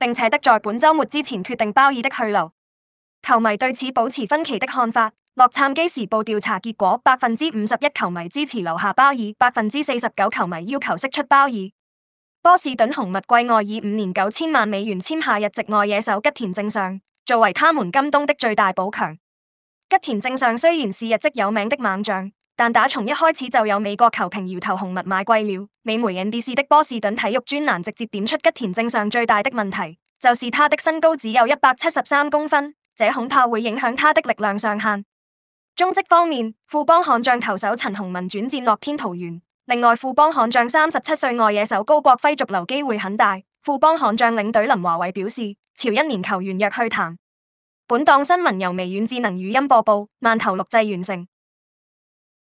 並且得在本周末之前決定鮑爾的去留。球迷對此保持分歧的看法。洛杉磯時報調查結果：百分之五十一球迷支持留下鮑爾，百分之四十九球迷要求釋出鮑爾。波士頓紅襪季外以五年九千萬美元簽下日籍外野手吉田正尚，作為他們今冬的最大補強。吉田正尚雖然是日職有名的猛將。但打從一開始就有美國球評搖頭，紅襪買貴了。美媒 NBC 的波士頓體育專欄直接點出吉田正尚最大的問題，就是他的身高只有一百七十三公分，這恐怕會影響他的力量上限。中職方面，富邦悍將投手陳鴻文轉戰樂天桃園，另外富邦悍將三十七歲外野手高國輝續留機會很大。富邦悍將領隊林華偉表示，朝一年球員約去談。本檔新聞由微軟智能語音播報，慢投錄製完成。